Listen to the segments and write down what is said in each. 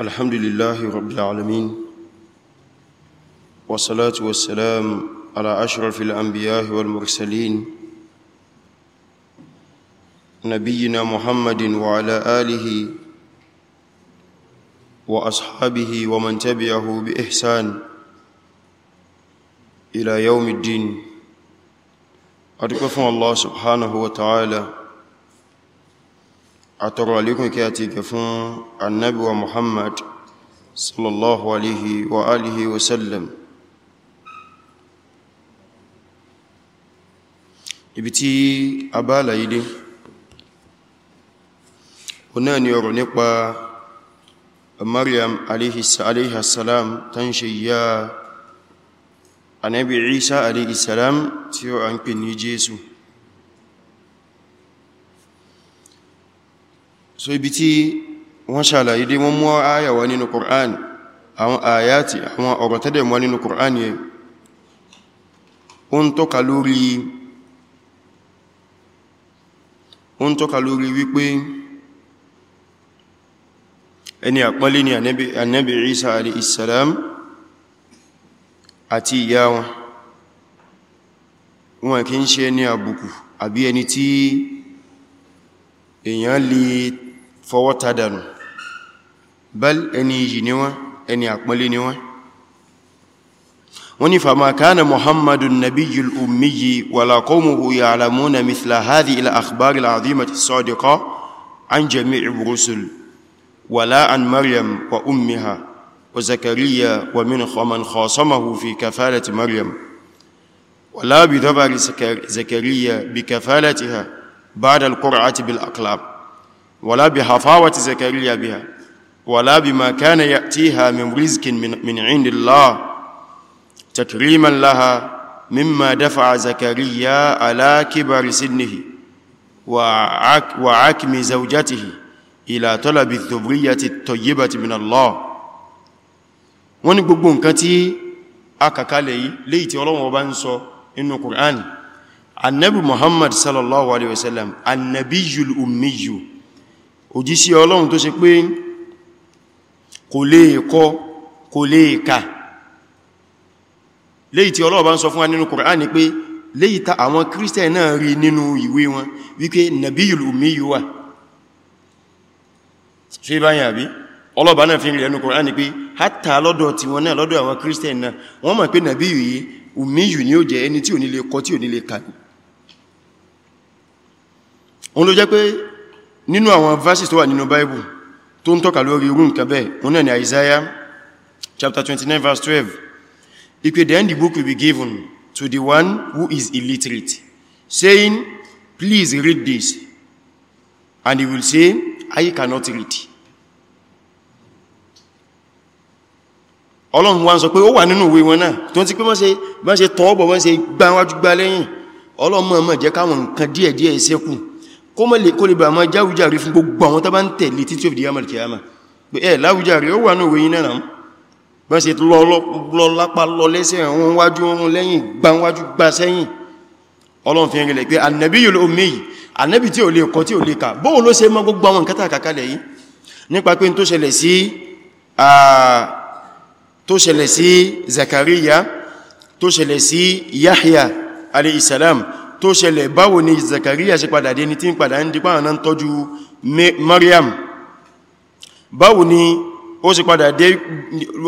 الحمد لله رب العالمين والصلاة والسلام على أشرف الأنبياء والمرسلين نبينا محمد وعلى آله وأصحابه ومن تبعه بإحسان إلى يوم الدين أدقفنا الله سبحانه وتعالى àtọrọ alékún kí a ti gẹ fún annabi wa muhammad sallallahu alihi wa alihi wasallam ibi tí a bá láyé dé o náà ni ọ̀rọ̀ nípa maryam alayhi salam tán ṣe yá annabi isa alayhi tí ó an pè ní jésù so ibi tí wọ́n ṣàlàyé dé wọ́n mú àyà wá nínú Qur'an àwọn àyàtì àwọn ọ̀rọ̀ tẹ́dẹ̀ wá nínú Qur'an yẹ ó ń tọ́ka lórí wípé ẹni àpọ́nlé ni ànábì Isa alayhi àti ìyá wọn wọn kì í ṣe ẹni àbùkù àbí ẹni tí èèyàn lè fọwọ́ tàdánù bal ẹni yìí ni wọ́n ẹni àpọ́lé ni wọ́n wọ́n ni fàmà kánà muhammadu nabiyul hu ya alamu na mithla hadi ila akhbari al'azimati sadiqa an jami'i rusul wàlá an maryam wa ummiha wa zakariya wa min man khasamahu fi kafalati maryam wàlá bi dabari zakariya bi kafalatiha ba'da al-qur'ati bil aqlab ولا بحفاوة زكريا بها ولا بما كان يأتيها من رزق من, من عند الله تكريما لها مما دفع زكريا على كبر سنه وعكم زوجته إلى طلب الذبرية الطيبة من الله wọ́n ní gbogbo nǹkan tí a kàkàlẹ̀ yìí léyìí tí Ọlọ́run bá ń sọ inú Kùránì annabi Muhammad òjísí ọlọ́run tó ṣe pé kò lè kọ kò lè kà léyìí tí ọlọ́ọ̀bá ń sọ fún wa nínú Kùránì pé léyìí ta àwọn kírísítẹ̀ náà rí nínú ìwé wọn wípé nàbíyùl ummiyu wà ṣe báyìí àbí ọlọ́ọ̀bá náà fi rí ẹnu Kùránì pé hátà lọ́dọ̀ tí wọn náà lọ́dọ̀ àwọn kírísítẹ̀ náà wọ́n mọ̀ pé nàbíyù yìí ni ó jẹ́ ẹni tí ò ní lè kọ tí ò ní lè kà nínú àwọn verses tó wà nínú Bible tó ń tọ́ka lórí irú nǹkan bẹ́ẹ̀ wọn náà ni Isaiah chapter 29 verse 12 ipe then the book will be given to the one who is illiterate saying please read this and he will say I cannot read Ọlọ́run wá ń sọ pé ó wà nínú ìwé wọn náà tó ń ti pé wọ́n ṣe tọ́ọ̀bọ̀ wọ́n ṣe gbáwájú gbá lẹ́yìn Ọlọ́run mọ̀ọ́mọ̀ jẹ́ káwọn nǹkan díẹ̀díẹ̀ ṣẹ́kù kó mọ́ lè kó lè bà máa jáwújáre fún gbogbo àwọn tó bá ń tẹ̀lé títí òfìdí yamal kiyama pé ẹ láwújáre ó wà náà wéyìn náà bá ṣe lọ lápá lọ lẹ́sẹ̀ wọn wájú wọn lẹ́yìn gbá wájú gbá sẹ́yìn Ọlọ́run fi rìnlẹ̀ pé annabi yóò ló méyì annabi tí ò lè kọ tí ò lè kà bóò ló ṣe mọ́ gbogbo àwọn nǹkan tàkàkalẹ̀ yìí nípa pé tó ṣẹlẹ̀ sí tó salam tó ṣẹlẹ̀ báwo ni Zakaria ṣe padà dé ní tí ń padà ń dípa àwọn tọ́jú Maryam báwo ni ó ṣe padà dé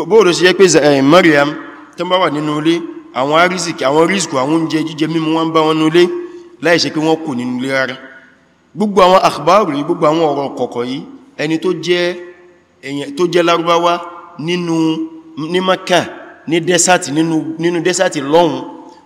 bóòdó sí yẹ́ pé eh, Maryam tó bá wà nínú ilé àwọn arísìkì àwọn rísìkì àwọn oúnjẹ jíjẹ mímú wọ́n bá wọn nulé láìṣe pé wọ́n kò nínú ilé rárá gbogbo àwọn àkbárù yìí gbogbo àwọn ọ̀rọ̀ kọ̀kọ̀ yìí ẹni tó jẹ́ èyàn tó jẹ́ lárúbáwá nínú ní Maka ní dẹ́sàtì nínú dẹ́sàtì lọ́hun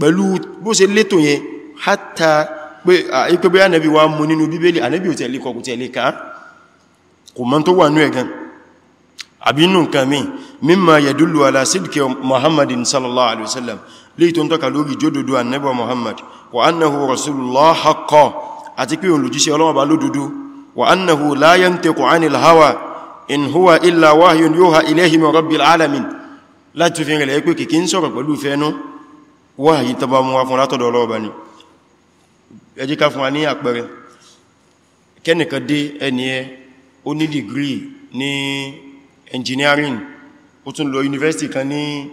pẹ̀lú bó ṣe létò yẹn hátà pé bí ànábì wá mú nínú bíbélì ànábì ò tẹ̀lé kọkù tẹ̀lé ká kò mọ́ tó wà ní ẹ̀gán àbí inú nǹkan mi mimma yadullu ala sidqi muhammadin sallallahu alaihi wasallam lè tó ń tọ́ka lórí jódodo ànábì muhammad wa annahu rasulullah haqqan àti pé olùjíṣẹ́ ọlọ́wọ́ bá lódodo wa annahu la yantiqu anil hawa in huwa illa wahyun yuha ilayhi min wáyí tọba mú wa fún látọ̀dọ̀ ọlọ́ọ̀bá ni ẹ jẹ́ ká fún wa ní àpẹẹrẹ kẹ́nìkan dé ẹni ẹ ó ní dìgírí ní engineering ó tún lọ university kan ní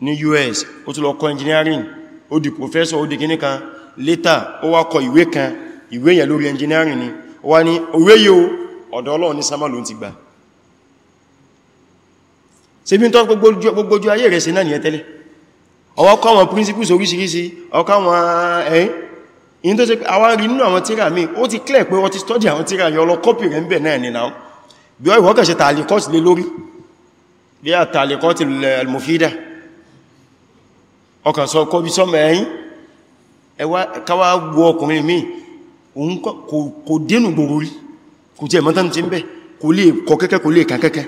ní US ó tún lọ kọ́ engineering ó di professor ó di kíní kan later ó wá kọ ìwé kan ìwé yẹn lórí engineering ni ó wá ní òwe yóò ọ̀dọ̀ Ọlọ́run ní sámà ló ti gbà n tọ́ gbogbo ayé rẹ̀ sí náà nìyẹn tẹ́lẹ̀ ọwọ́ kọ́ wọn principles oríṣiríṣi ọkọ́ wọn ẹ̀yìn in tó ṣe pé àwọn rí nínú àwọn tíra mi ó ti clear pé wọ́n ti study àwọn tíra yọ lọ copy rẹ̀ ń bẹ̀ náà nìna bí wọ́n kẹ̀ṣẹ̀ tààlìkọ́t lé lórí bí i tààlìkọ́t al mi òun kò dénú gbòrò rí kò tí ẹ̀mọ́tán ti ń bẹ̀ kò lè kọ kẹ́kẹ́ kò lè kàn kẹ́kẹ́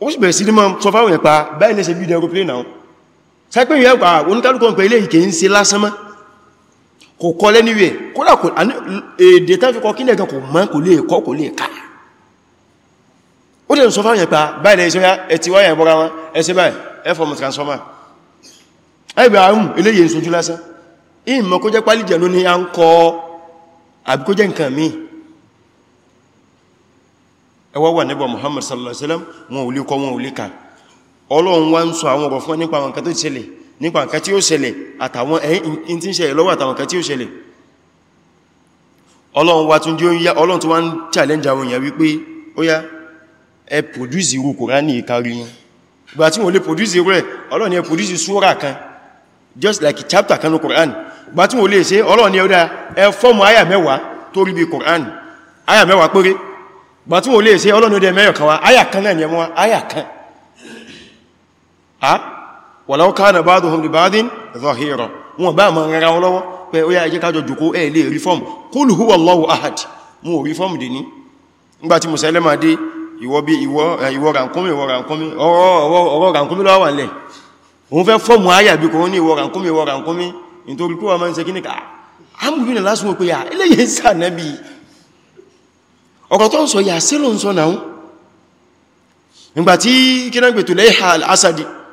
ó sì bẹ̀rẹ̀ sí ní máa sọ ẹ̀pá báyìí lẹ́sẹ̀ bí i aeroplane náà sẹ́pẹ́ ìyẹ́ pàá oníkálùkọ́ ń pẹ̀ ilé ìkè ń ṣe lásán mọ́ kò kọ́ lẹ́ níwẹ̀ kódà kò èdè tán fi kọ kílẹ̀ gan kò mọ́ kò lè kọ́ kò lè ká ó lè sọ fáwọn ìyẹ̀pá báyìí lẹ́yìn sọ́yá ẹ̀tì wáyà ìbọ́ra wọn ẹsẹ́ báyìí ẹfọ́ mọ̀ transformer ẹgbẹ̀ àrùn eléyè ń sojú lásán ìmọ̀ kó jẹ́ pálíjẹ̀ ló ní à ń kọ àbí kó jẹ́ nǹkan míì ẹwọ́ wà Muhammad sallallahu alaihi wasallam wọn ò lè kọ wọn ò lè ọlọ́run wá ń sọ àwọn ọ̀rọ̀ fún nípa àwọn nǹkan tó ṣẹlẹ̀ nípa nǹkan tí ó ṣẹlẹ̀ àtàwọn ẹ̀yìn tí ń ṣẹlẹ̀ lọ́wọ́ àtàwọn nǹkan tí ó ṣẹlẹ̀ ọlọ́run wá tún wá ń challenge àwọn èèyàn wípé ó yá ẹ produce irú kòránì ìkàrí yẹn ìgbà tí wọ́n lè produce irú ẹ̀ ọlọ́run ni ẹ produce súra kan just like chapter kan ní kòrán ìgbà tí wọ́n lè ṣe ọlọ́run ni ọdá ẹ fọ́ọ̀mù àyà mẹ́wàá tó rí bí kòrán àyà mẹ́wàá péré ìgbà tí wọ́n lè ṣe ọlọ́run ni ọdá mẹ́yọ̀ kan wá àyà kan náà ni ẹmọ́ àyà kan ha walau kana ba'duhum li ba'din zahira wọn bá ma rárá wọn lọ́wọ́ pé ó yá ẹjẹ́ kájọ jùkó ẹ̀ lè reform qul huwa Allahu ahad mú ò reform dì ní ngbàtí Musailama dé ìwọ bí ìwọ ràǹkúnmí ìwọ ràǹkúnmí ọ̀rọ̀ ràǹkúnmí lọ́wọ́ wà nílẹ̀ òun fẹ́ fọ́mù ayà bí kò ní ìwọ ràǹkúnmí ìwọ ràǹkúnmí nítorí kó wà máa ń ṣe kí ní ká amúgbìnà lásùn òpé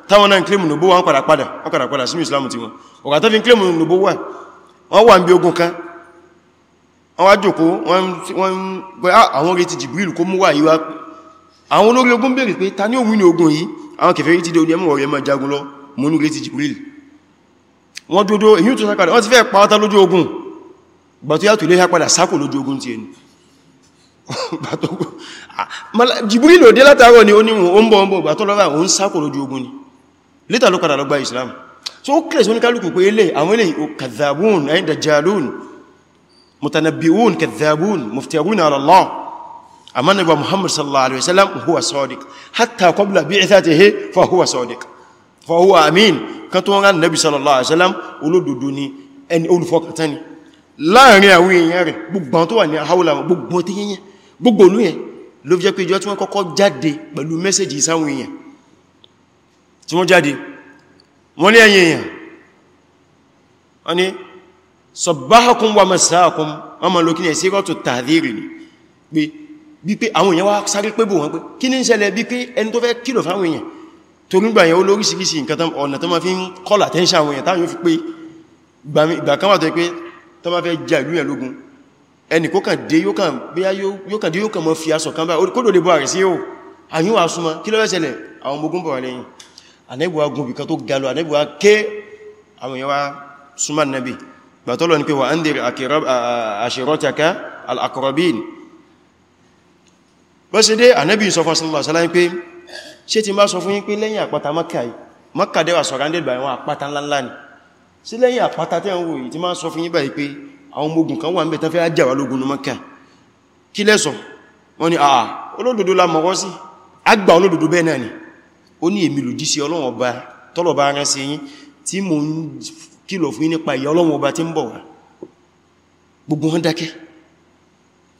táwọn náà kílèmù nùbó wà ń padà padà wọ́n padà padà sínú Islam ti wọn ọ̀gá tó fi kílèmù nùbó wà wọ́n wà ń bí ogun kan wọ́n wá jòkó wọ́n gbẹ́ ah, àwọn orí ti Jibril kó mú wà yíwá àwọn olórí ogun béèrè pé ta ní òun ní ogun yìí àwọn kèfèrí ti dé oní ẹmọ̀ rẹ̀ máa jagun lọ mú ní orí Jibril wọ́n dúdó èyí tó sákàdà wọ́n ti fẹ́ pàwátá lójú ogun gbà yàtò ilé ha sákò lójú ogun ti ẹni ah, Jibril ò dé látàárọ̀ ni ó ní òun bọ̀ òun bọ̀ gbà tó ni later ló padà lọ gba islam so ó kílẹ̀ sí oníkálùkù pé ilé àwọn ilé o kàzàbún ayin dajjalun mutanabbi'un kàzàbún muftirun ala Allah amma nabi muhammad sallallahu alaihi wasallam huwa sadiq hatta fi jẹ́ pé ìjọ tí wọ́n kọ́kọ́ jáde pẹ̀lú mẹ́sẹ̀jì sáwọn èèyàn tí wọ́n jáde wọ́n ní ẹ̀yìn èèyàn wọ́n ní sọ̀báhakún wa masáàkún wọ́n mọ̀ lókí ní ẹ̀sí rọ́tù tààdìrì ni pé bí pé àwọn èèyàn wá sáré pé bò wọ́n pé kí ní ṣẹlẹ̀ bí pé ẹni tó fẹ́ kìlọ̀ fáwọn èèyàn tó nígbà yẹn call attention àwọn èèyàn táwọn yóò fi pé ìgbà kan wà tó pé tó ma fẹ́ ja ìlú yẹn lógun ẹni kó kàn dé yóò kàn dé yóò kàn mọ́ fi aṣọ kan bá àyíwá súnmọ́ kí ló fẹ́ àwọn ogun bọ̀ lẹ́yìn anẹ́bù wa gùn bìkan tó galo anẹ́bù wa ké àwọn èèyàn wa súnmọ́ nẹ́bì gbàtọ́lọ ní pé wa andir ashirotaka al-aqrabin bó ṣe dé anẹ́bì sọ fún sallallahu pé ṣe ti má sọ fún yín pé lẹ́yìn àpáta makai makade wa surrounded by wọn àpáta ńláńlá ni sí lẹ́yìn àpáta tẹ́ ń wò yìí ti má sọ fún yín báyìí pé àwọn ogun kan wà ń bẹ kí lẹ́sọ̀ wọ́n ni àà olódodo la sí àgbà olódodo bẹ́ẹ̀ náà ni ó ní èmi lòdí sí ọlọ́run ọba tọ́lọ̀ bá rán sí yín tí mo ń kìlọ̀ fún yín nípa ìyà ọlọ́run ọba tí ń bọ̀ wá gbogbo wọn dákẹ́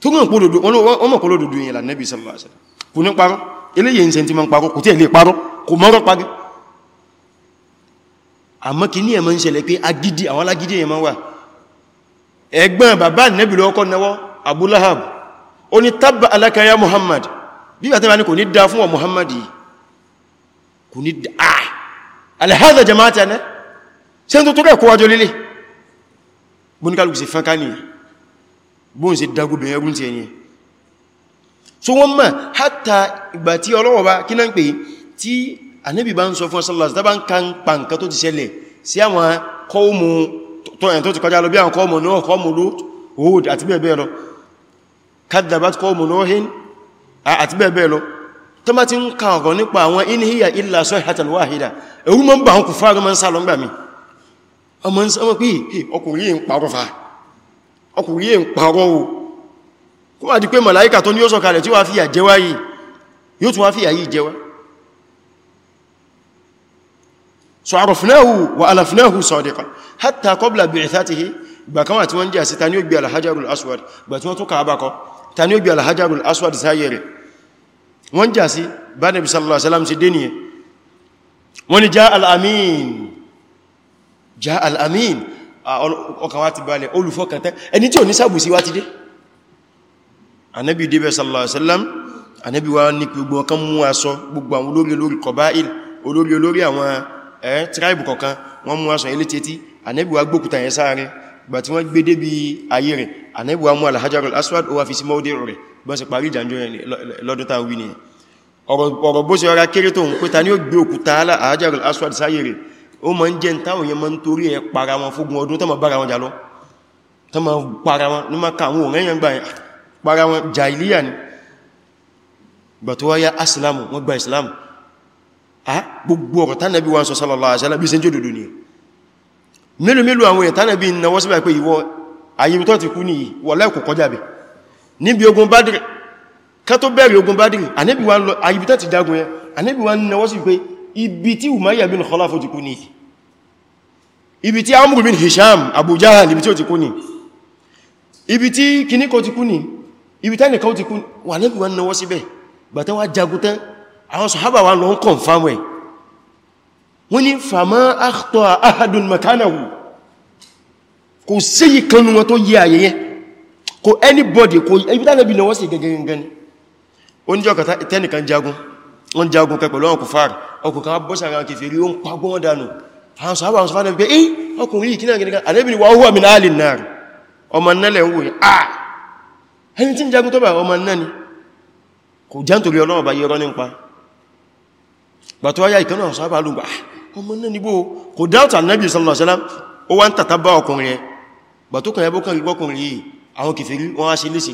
tó gbọ́n pòlòdò ọmọ pòlòdòdò yìí là nẹ́bí sallallahu alaihi wasallam kò ní parọ́ eléyìí ń ṣe tí ma ń parọ́ kò tí ẹ̀ lè parọ́ kò mọ́rọ́ pagẹ́ àmọ́ kí wà ní Muhammad bí bàtẹ́ bá ní kò ní dá fún ọ Muhammad yìí kò ní àà alhada jama'ata na ṣe n tó tó kẹ́kọ́ wájọ lílé bóníkàlùkù sí fánká ní bóhùn sí dagubin ẹgbùn ti ẹni so wọ́n mọ̀ hátà ìgbà tí ọlọ́wọ́ bá kí náà ń pè tí Ànábì bá ń sọ fún sallallahu tàbá ń ka ń pa nǹkan tó ti àti bẹ́ẹ̀ bẹ́ẹ̀ lọ tó bá ti ń ka ọ̀rọ̀ nípa àwọn in hiya illa sayhatan wahida ẹ̀rù mọ́ ń bà ọkùn fáàrí mọ́ ń sá lọ gbàmí ọmọ ìsọ́mọ̀ pé ọkùnrin yìí ń parọ́ fa ọkùnrin yìí ń parọ́ o kó wà di pé màláíkà tó ní ó sọ̀kalẹ̀ tí wà fìyà jẹwa yìí yóò tún wá fìyà yìí jẹwa so arafnahu wa alafnahu wọ́n jà sí bá nàbí sallallahu alaihi wasallam sí dénìyẹ wọ́n ni já al'amin já al'amin ah, ọkàn wá ti balẹ̀ olùfọkàntán ẹni tí ò ní sàbùsí wá ti dé anábi débẹ̀ sallallahu alaihi wasallam anábi wá ní gbogbo ọkàn mú aṣọ gbogbo àwọn olórí olórí kọbáìl olórí olórí àwọn ẹ̀ eh, tíráìbù kọ̀kan wọ́n mú aṣọ ilé ànábì wa mú alhajar aswad ó wá fi sí mọ́dé rẹ̀ bọ́n sì parí ìjànjọ́ lọ́dún tàà wí ni ọ̀rọ̀ bó sì rọra kéré tó ń pẹ́ta ní ó gbé òkúta alhajar aswad sáyé rẹ̀ ó ma ń jẹ́ táwọn yẹn ma ń torí ẹ para wọn fógun ọdún tó ma bára wọn jalọ́ tó ma àwọn òrẹ́yàn gbà ah gbogbo ọ̀rọ̀ tánàbí wọn sọ sallallahu alaihi wasallam bí sẹ́jọ́ dòdò ni mélòó mélòó àwọn èèyàn pé ìwọ ayébítọ́ ti kú nìyí wọ̀lẹ́ kò kọjá bẹ̀ níbi ogun Badr ká tó bẹ̀rẹ̀ ogun Badr ànábì wa lọ ayébítọ́ ti dágun yẹn ànábì wa náwọ́ sí pé ibi tí Umayya bin Khalaf ti kú nìyí ibi tí Amr bin Hisham Abu Jahl níbi tí ó ti kú nìyí ibi tí kìníkọ ti kú nìyí ibi tí ẹnìkan ti kú wà wọ́n kò séyí kanú wọn tó yẹ ayẹyẹ kò anybody kò ibi tánàbí lọ wọ́n sí gẹ́gẹ́gẹ́ ni ó ní ọkà tẹ́nìkan jagun wọ́n jagun pẹ̀ pẹ̀lú ọkù fàárì ọkù kan bọ́sà ara kèfèrí ó ń pàgbọ́n dànù àwọn sọ àwọn sọfánà pé eh ọkùnrin ìkínà gẹ́gẹ́gẹ́ alẹ́bìnrin wà húwà min alin nar ọmọ nẹ́lẹ̀ wò à ah! ẹni tí ń jagun tó bà ọmọ nẹ́ ni kò já nítorí ọlọ́wọ́ bá yẹrọ nípa gbàtọ́ ayá ìkanáà sọ àbálùgbà ah, ọmọ nẹ́ ni bó kò dáútà nẹ́bì sallallahu alaihi wasallam ó wá ń tàtàbá ọkùnrin gbàtókàn ẹbọ́ kan gbọ́kùnrin yìí àwọn kèfèrí wọ́n á ṣe léṣe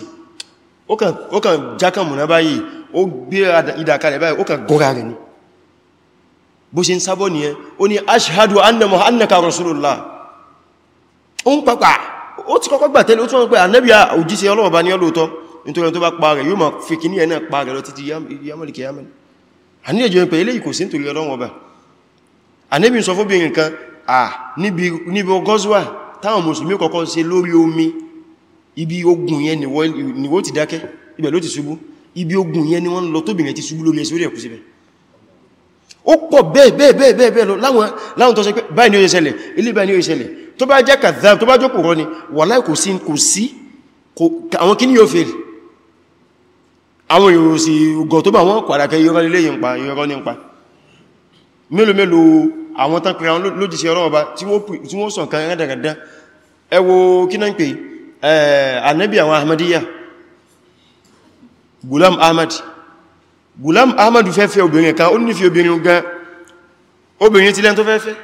ó kàn jákàn múná báyìí ó gbé ìdàkalẹ̀ báyìí ó kàn gọ́ra rẹ̀ ni bó ṣe ń sábọ́ nìyẹn ó ní ashhadu anna muhannaka rasulullah ó ń pàpà ó ti kọ́kọ́ gbà tẹ́lẹ̀ ó tún wọ́n pé ànábì òjíṣẹ́ Ọlọ́run bá ní ọlọ́tọ́ nítorí tó bá pa rẹ̀ yóò máa fi kí ní ẹ̀nà pa rẹ̀ lọ títí yamọ́lìkì yamọ́lì àníyànjọ́ ìpẹ̀ ilé ìkòsí nítorí níbi ọgọ́zùwà táwọn mùsùlùmí kọ́kọ́ ṣe lórí omi ibi ogun yẹn ni wọ́n ti dákẹ́ ibẹ̀ ló ti ṣubú ibi ogun yẹn ni wọ́n lọ tóbìnrin ti ṣubú lórí ẹsẹ̀ ẹ̀kú síbẹ̀ ó pọ̀ bẹ́ẹ̀ bẹ́ẹ̀ bẹ́ẹ̀ bẹ́ẹ̀ lọ láwọn tó ṣe pé báyìí ni ó ṣẹlẹ̀ ilé báyìí ni ó ṣẹlẹ̀ tó bá jẹ́ kàzá tó bá jókòó rọ́ ni wàláhì kò sí kò sí àwọn kí ní yóò fèrè àwọn ìròsì ugọ̀ tó bá wọ́n pàdàkẹ́ yọ́rọ́ nílé yìí ń pa mélòó mélòó àwọn tán pèrè àwọn lójíṣẹ́ ọlọ́wọ́ bá tí wọ́n sọ nǹkan rẹ̀dàrẹ̀dá ẹ wò kí náà ń pè ànábì àwọn ahmadiyya gulam ahmad gulam ahmad fẹ́ fẹ́ obìnrin kan ó nífẹ́ obìnrin gan obìnrin tí lẹ́n tó fẹ́ fẹ́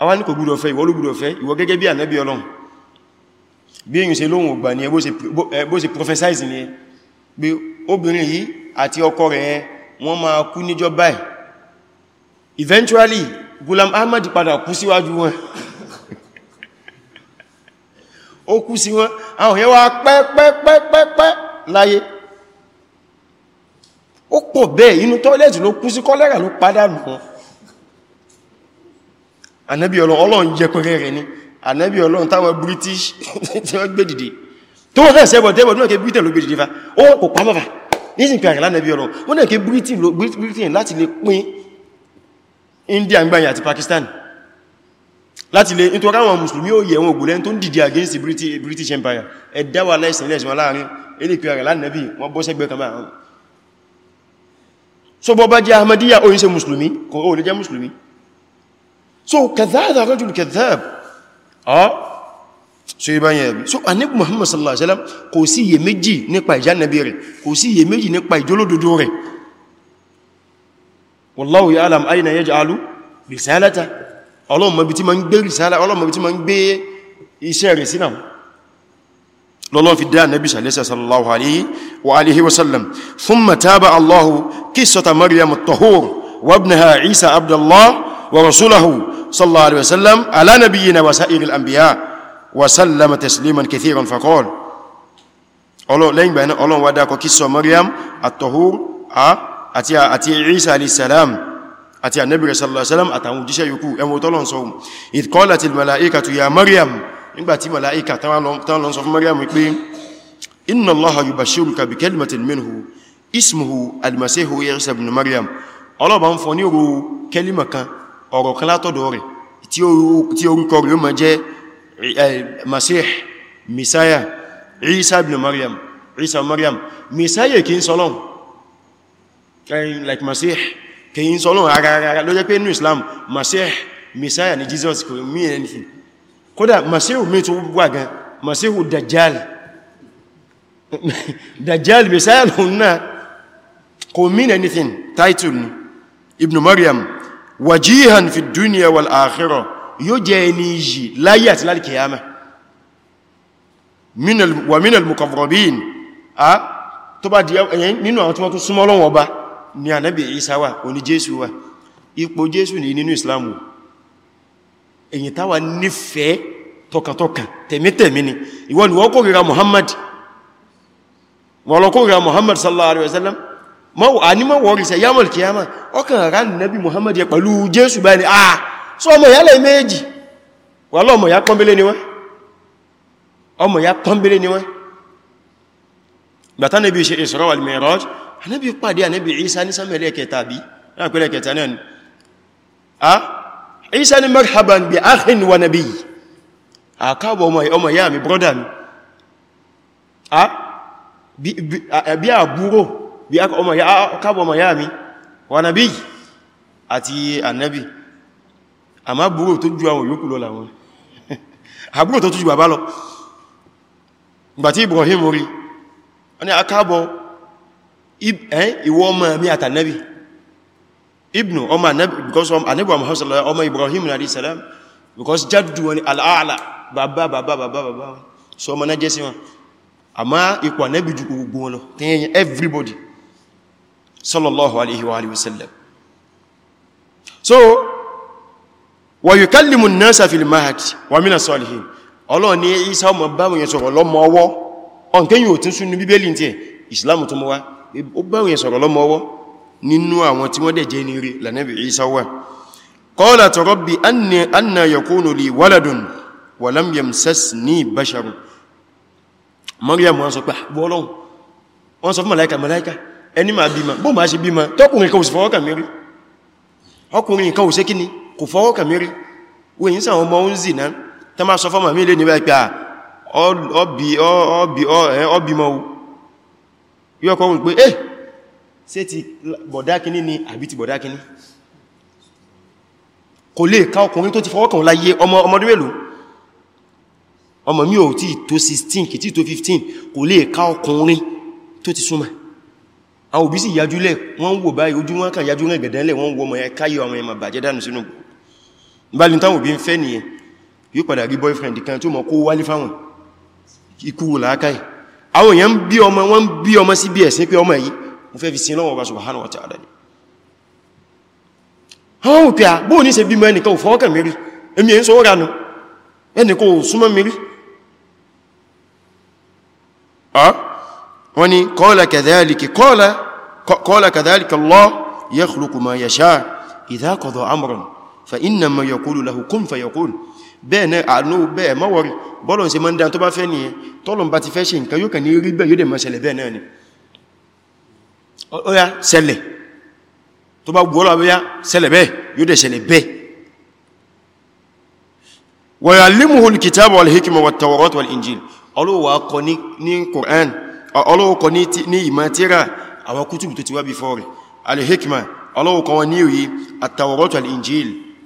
àwọn ní kò gbúdọ̀ fẹ́ ìwọ ló gbúdọ̀ fẹ́ ìwọ gẹ́gẹ́ bí ànábì ọlọ́run bí èyàn ṣe lóhun ògbà ní ẹ bó ṣe prophesize ní ẹ pé obìnrin yìí àti ọkọ rẹ̀ wọ́n máa kú níjọ́ báyìí eventually Gulam Ahmad padà kú síwájú wọn ó kú sí wọn àwọn yẹn wá pẹ́pẹ́pẹ́pẹ́ láyé ó pọ̀ bẹ́ẹ̀ inú tọ́lẹ̀tì ló kú sí kọ́lẹ́rà ló pàdánù wọn ànábì ọlọ́run jẹ pẹ̀rẹ̀ rẹ̀ ni ànábì ọlọ́run táwọn British tí wọ́n gbé dìde tó wọ́n náà sẹ́bọ̀ tẹ́bọ̀ náà ké Britain ló gbé dìde fa ó kò pàmọ́fà nísìnkú àrẹ̀lá ànábì ọlọ́run wọ́n náà ké Britain láti lè pín India ń gbáyìn àti Pakistan láti lè nítorí àwọn mùsùlùmí ó yẹ̀ wọn ògbòlẹ́ tó ń dìde against the British Empire ẹ̀dá wà láìsìn ilẹ̀ ìṣẹ́wọ̀n láàrin elépe rẹ̀ lánàbí wọ́n bọ́ sẹ́gbẹ́ kan báyìí so bọ́ bá jẹ́ Ahmadiyya ó ń ṣe mùsùlùmí kò ó lè jẹ́ mùsùlùmí so kẹzàdà rajul kẹzàb ọ́ so ibá yẹn ẹ̀bí so anib Muhammad sallallahu alaihi wasallam kò sí iyèméjì nípa ìjánabí rẹ̀ kò sí iyèméjì nípa ìjólódodo rẹ̀ wallahu ya'lam ayna yaj'alu risalata ọlọ́run mọ̀bí tí ma ń gbé risala ọlọ́run mọ̀bí tí ma ń gbé iṣẹ́ rẹ̀ sínà lọ́lọ́run fi dá nabi sallallahu alaihi wa alihi wasallam thumma taba allahu qissata maryam at-tahur wa ibnaha isa abdullah wa rasulahu sallallahu alaihi wasallam ala nabiyyina wa sa'iril anbiya wa sallama tasliman kathiran faqala ọlọ́run lẹ́yìn àti àti Isa alayhis salam àti annabi sallallahu alaihi wasallam àtàwọn òjíṣẹ́ yòókù ẹwọ tọ́lọ̀n sọ idh qalatil malaikatu ya Maryam nígbàtí malaika tán lọ sọ fún Maryam wípé inna Allaha yubashiruka bi kalimatin minhu ismuhu almasihu Isa ibn Maryam ọlọ́ba ń Isa ibn Maryam Isa kí ń sọlọ́un Eh, like masih kìí sọ́lọ́run agagagara ló jẹ́ pé inú Islam masih messiah ni Jesus kò mean anything kódà masihu mi tó wà gan masihu dajjal dajjal messiah lòun náà kò mean anything title ni ibn Maryam wajihan fi duniya wal akhirah yóò jẹ ẹni yìí láyé àti láti kìyàmà wa minal muqarrabin a ah, tó bá di ẹ̀yìn nínú àwọn tí súnmọ́ Ọlọ́run Ọba ni ànábì Ìsá wà oní Jésù wà ipò Jésù ní nínú Islamu èyí táwà nífẹ̀ẹ́ tọkàntọkàn tẹ̀mítẹ̀mí ni ìwọ́n ni wọ́n kórìíra Muhammad wọ́n lọ kórìíra Muhammad sallallahu alaihi wasallam ànímọ̀ wọ́n rí sẹ̀yàmọ̀lì kìyàmà ọkàn rá nàbí Muhammad yẹ pẹ̀lú Jésù báyìí ni àà ah, sọ ọmọ ìyálẹ̀ méjì wà lọ́mọ̀ ya pọ́nbélé ni wọ́n ọmọ ya pọ́nbélé ni wọ́n gbàtánàbí ṣe Isra wal Mi'raj anábi pàdé anábi Isa ní sánmẹ̀lẹ̀ kẹta bí láàpẹ̀lẹ̀ kẹta náà ni a Isa ní marhaban bí akhin wa nabi àkábọ̀ ọmọ ìyá mi brọ́dà mi a bí àbúrò bí àkábọ̀ ọmọ ìyá mi wa nabi àti anábi àmá búrò tó ju àwọn yòókù lọ làwọn àbúrò tó ju bàbá lọ ìgbà Eh, ìwọ ọmọ mi àtànẹ́bì ibnu ọmọ ànẹ́bì because ànẹ́bì wa Muhammad sallallahu ọmọ Ibrahim alayhi salam because jaddu wọn ni al'ala bàbá bàbá bàbá bàbá so ọmọ náà jẹ́ sí wọn àmá ipò ànẹ́bì ju gbogbo lọ tẹ́yẹn everybody sallallahu alaihi wa alihi wasallam so wa yukallimu an-nasa fil mahad wa min as-salihin Ọlọ́run ni Isa ọmọ báwọn yẹn sọ̀rọ̀ lọ́mọ ọwọ́ ọ̀nkẹ́yìn ò tún sún tó mọ́ wá ó báwọn yẹn sọ̀rọ̀ lọ́mọ ọwọ́ nínú àwọn tí wọ́n dẹ̀ jẹ́ ní rí lànàbì Isa wà qalat rabbi anna yakunu li waladun wa lam yamsasni basharun Maryam wọ́n sọ pé ah, bọ́ọ̀lọ́hun wọ́n sọ fún màláíkà màláíkà ẹni máa bímọ bó máa ṣe bímọ tọ́kùnrin kan ò sì fọwọ́ kàn mérí ọkùnrin kan ò ní báyìí pé ah, ọbí ọbí mọ́ yóò kọ́ wọ́n pé eh ṣé ti bọ̀dákiní ni àbí ti bọ̀dákiní kò lè ká ọkùnrin tó ti fọwọ́kàn láyé ọmọ ọmọdún mélòó ọmọ mi ò tí tó 16 kì tí tó 15 kò lè ká ọkùnrin tó ti súnmọ́ àwọn òbí sì yájúlẹ̀ wọ́n ń wò báyìí ojú wọn kàn yájú rẹ̀ gẹ̀dẹ̀lẹ̀ wọ́n wọ́n mọ̀ ẹ káyọ àwọn ẹmà bàjẹ́ dànù sínú bá ní táwọn òbí ń fẹ́ nìyẹn yóò padà rí boyfriend kan tó mọ̀ kó wálé fáwọn ikú wò láákàí àwọn èèyàn bí ọmọ wọn bí ọmọ sí bí ẹ̀sìn pé ọmọ yìí mo fẹ́ fi sin lọ́wọ́ ọba subhanahu wa ta'ala ni àwọn òpìá bóò ní ṣe bí mọ́ ẹnìkan ò fọwọ́kàn mérí èmi èyí sọ ránú ẹnìkan ò súnmọ́ mérí wọ́n ni qala kadhalika bẹ́ẹ̀ náà àánú bẹ́ẹ̀ mọ́wọ̀rí bọ́lọ̀ ṣe mọ́ndá tó bá fẹ́ nìyẹn tọ́lọ̀ bá ti fẹ́ ṣe nǹkan yóò kàn ní rí bẹ́ẹ̀ yóò dẹ̀ mọ́ ṣẹlẹ̀ bẹ́ẹ̀ náà ni ọya ṣẹlẹ̀ tó bá gbọ́lọ̀ abẹ́yá ṣẹlẹ̀ bẹ́ẹ̀ yóò dẹ̀ ṣẹlẹ̀ bẹ́ẹ̀ wa yu'allimuhu al-kitaba wal-hikma wat-tawrata wal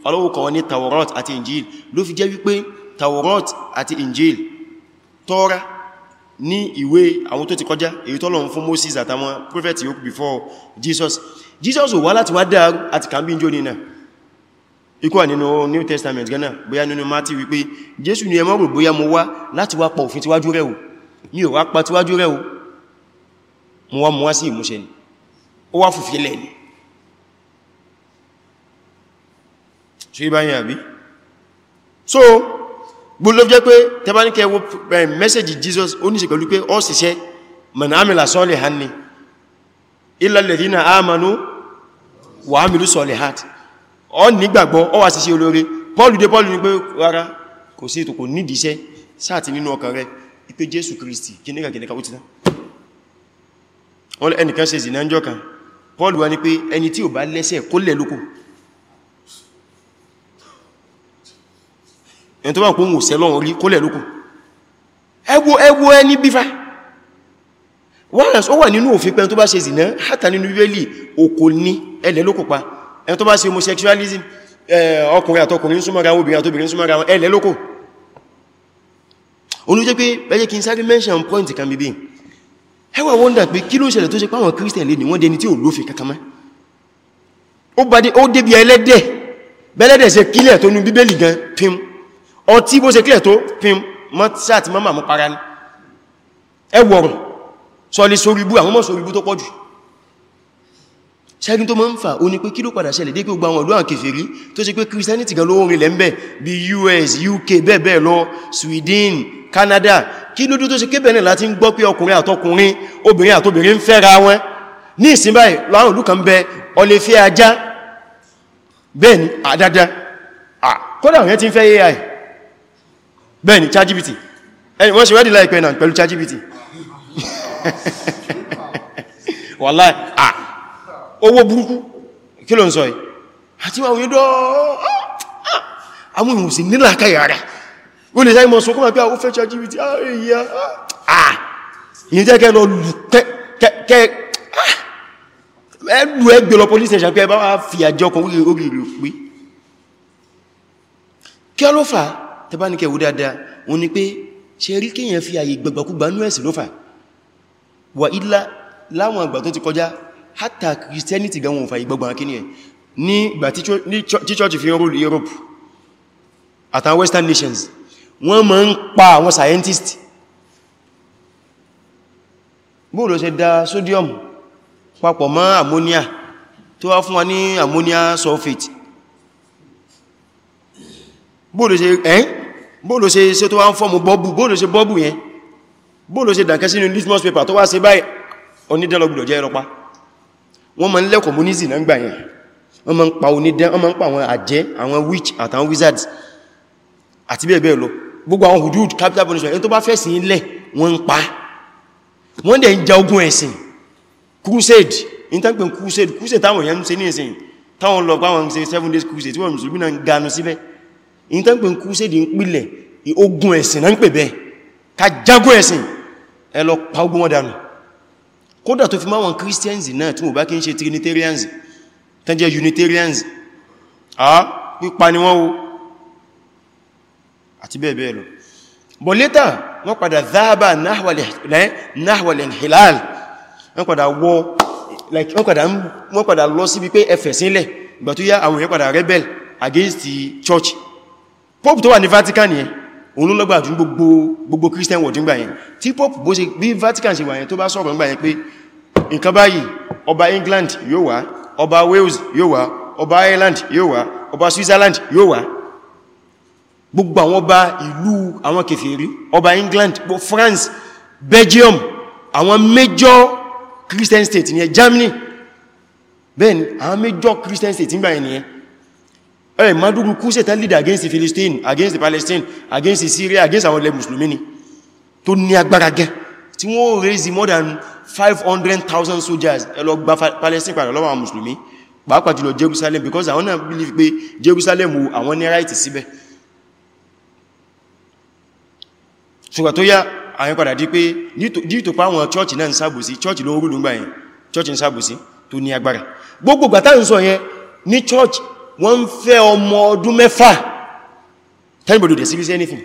ọlọ́wọ́kọ̀ wọn ní Tawrat àti Injil ló fi jẹ́ wípé Tawrat àti Injil Tọ́ra ní ìwé àwọn tó ti kọjá èyí tọ́lọ̀ fún Moses àtàwọn prophet yóò before Jesus Jesus ò wá láti wá dáa àti kàmbí jò nínà ikú wà New Testament gánà bóyá nínú mati wípé Jésù ni ẹmọ́ rò bóyá mo wá láti wá pa òfin tíwájú rẹ̀ o mi ò wá pa tíwájú rẹ̀ o mo wá mo ni ṣe báyìí àbí so gbogbo jẹ́ pé tẹbáníkẹ wo eh, mẹ́sẹ̀jì Jesus ó ní ṣe pẹ̀lú pé ó ṣiṣẹ́ man amila salihan ni illa alladhina amanu wa amilu solihat ó nígbàgbọ́ ó wà ṣiṣẹ́ olóore Paul dé Paul ní pé rárá kò sí ètò kò nídìíṣẹ́ sáàtì nínú ọkàn rẹ ipé Jésù Kristi kìnnìkà kìnnìkà ó ti tán wọ́n ẹnìkan ṣe zìnà ń jọ kan Paul wá ní pé ẹni tí ò bá lẹ́ṣẹ̀ kó lẹ̀ lókò ẹni tó bá kún wò sẹ́lọ́n rí kólẹ̀ lókù ẹwọ ẹwọ ẹni bífá wọ́nàs ó wà nínú òfin pẹ́ni tó bá ṣe zìnà hátà nínú bíbélì òkò ní ẹlẹ̀ lókù pa ẹni tó bá ṣe homosexualism ọkùnrin àtọkùnrin súnmọ́ra obìnrin àtobìnrin súnmọ́ra ẹlẹ̀ lókù olú jẹ́ pé bẹ́jẹ́ kí n sáré mention point kan bíbí ẹwà wọ́ndà pé kí ló ṣẹlẹ̀ ọtí bó ṣe kílẹ̀ tó fi mọ́tíṣàtí mọ́mà mọ́ para ní ẹwọ̀rùn sọ lè soribú àwọn mọ́ soribú tó pọ̀jù ṣẹ́gun tó mọ́ ń fà o ní pé kí ló padà ṣẹlẹ̀ dé pé gbogbo àwọn olóhàn kèfèrí tó ṣe pé Christianity gan lóhun rí lẹ́m̀bẹ̀ bí US UK bẹ́ẹ̀bẹ́ẹ̀ lọ Sweden Canada kí ló tó ṣe kébẹ̀ náà láti ń gbọ́ pé ọkùnrin àtọkùnrin obìnrin àtobìnrin ń fẹ́ra wọn ní ìsìn báyìí láwọn olú kan bẹ ọlẹ́ fẹ́ ajá bẹ́ẹ̀ ni àdáda kódà wọ́n ti ń fẹ́ AI bẹ́ẹ̀ ni ChatGPT ẹni wọ́n ṣe wẹ́dì láìpẹ́ náà pẹ̀lú ChatGPT wallahi à owó burúkú kí ló ń sọ yìí àti wà wíńdọ́ àwọn ìwòsìn nílà káyà rẹ̀ ó lè sáyé mọ́ sọ kọ́mà pé àwọn fẹ́ ChatGPT ẹ̀lú ẹgbẹ̀lọ police station pé ẹ bá wá fìyà jẹ ọkùnrin orí ìlú pé kí ọ ló fàá tẹbánikẹ̀ wó dáadáa wọn ni pé ṣe rí kíyàn fi àyè gbẹ̀gbẹ̀kúgbà ní ẹ̀sìn ló fà wà ílá láwọn àgbà tó ti kọjá hátà christianity gan wọn fà ìgbọ̀gbọ̀n kí Europe àtàwọn western nations wọ́n máa ń pa sodium papọ̀ mọ́ ammonia tó ammonia sulfate bóòlò ṣe ẹ́yìn bóòlò ṣe ṣe tó wá ń fọ́mù bọ́bù bóòlò ṣe bọ́bù yẹn bóòlò ṣe dànkẹ́ sínú litmus paper tó wá ṣe báyìí onídẹ́lọ́gbùdọ̀ jẹ́ ẹrọpa wọ́n ma ń lẹ́ communism náà gbà yẹn wọ́n ma ń pa onídẹ́ wọ́n ma ń pa àwọn àjẹ́ àwọn witch àtàwọn wizards àti bẹ́ẹ̀ bẹ́ẹ̀ lọ gbogbo àwọn hudud capital punishment ẹni tó bá fẹ̀sìn ilẹ̀ wọ́n ń pa wọ́n dẹ̀ ń ja ogun ẹ̀sìn crusade in tán pé crusade crusade táwọn èèyàn ń ṣe ní ẹ̀sìn táwọn lọ pa wọn ṣe seven days crusade tí wọ́n mùsùlùmí náà ń ganu síbẹ̀ in tán pè ń kú sédì ń pìlẹ̀ ogun ẹ̀sìn náà ń pè bẹ́ẹ̀ ká jagun ẹ̀sìn ẹ lọ pa ogun wọn dànù kódà tó fi máa wọn christians náà tí mo bá kí ń ṣe trinitarians tán jẹ́ unitarians àá pípa ni wọ́n o àti bẹ́ẹ̀ bẹ́ẹ̀ lọ bọ̀ létà wọ́n padà záàbà náhwàlẹ̀ hilal wọ́n padà wọ́ like wọ́n pé ẹfẹ̀ sílẹ̀ ìgbà tó padà rebel against the church pope tó wà ní vatican yẹn òun ló lọ́gbà tún gbogbo christian world nígbà yẹn tí pope bó ṣe bí vatican ṣe wà yẹn tó bá sọ̀rọ̀ nígbà yẹn pé nǹkan báyìí ọba england yóò wá ọba wales yóò wá ọba ireland yóò wá ọba switzerland yóò wá gbogbo àwọn ọba ìlú àwọn kèfèrí ọba england france belgium àwọn major christian state ni ẹ germany bẹ́ẹ̀ni àwọn major christian state nígbà yẹn nìyẹn ẹ̀ eh, madúgbù se tán lead against the Philistine against the Palestine against the Syria against àwọn ilẹ̀ musulmi ni tó ge. agbára gẹ́ raise more than 500,000 soldiers ẹlọ gba Palestine padà lọ́wọ́ àwọn musulmi pàápàá lo Jerusalem because àwọn náà believe pé Jerusalem wo àwọn ní right síbẹ̀ ṣùgbà tó yá àwọn padà di pé to pa àwọn church náà ń sábòsí church ló rúlùgbà yẹn church ń sábòsí tó ní gbogbo gbàtà ń sọ yẹn ní church wọ́n ń fẹ́ ọmọ ọdún mẹ́fà tẹ́lìbòdò dẹ̀ síbí sí anything